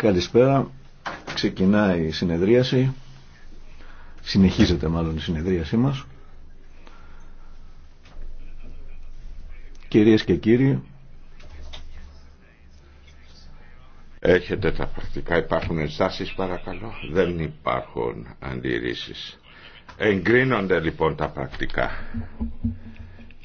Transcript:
Καλησπέρα. Ξεκινάει η συνεδρίαση. Συνεχίζεται μάλλον η συνεδρίασή μας. Κυρίες και κύριοι, Έχετε τα πρακτικά, υπάρχουν ενστάσεις παρακαλώ. Δεν υπάρχουν αντιρρήσεις. Εγκρίνονται λοιπόν τα πρακτικά.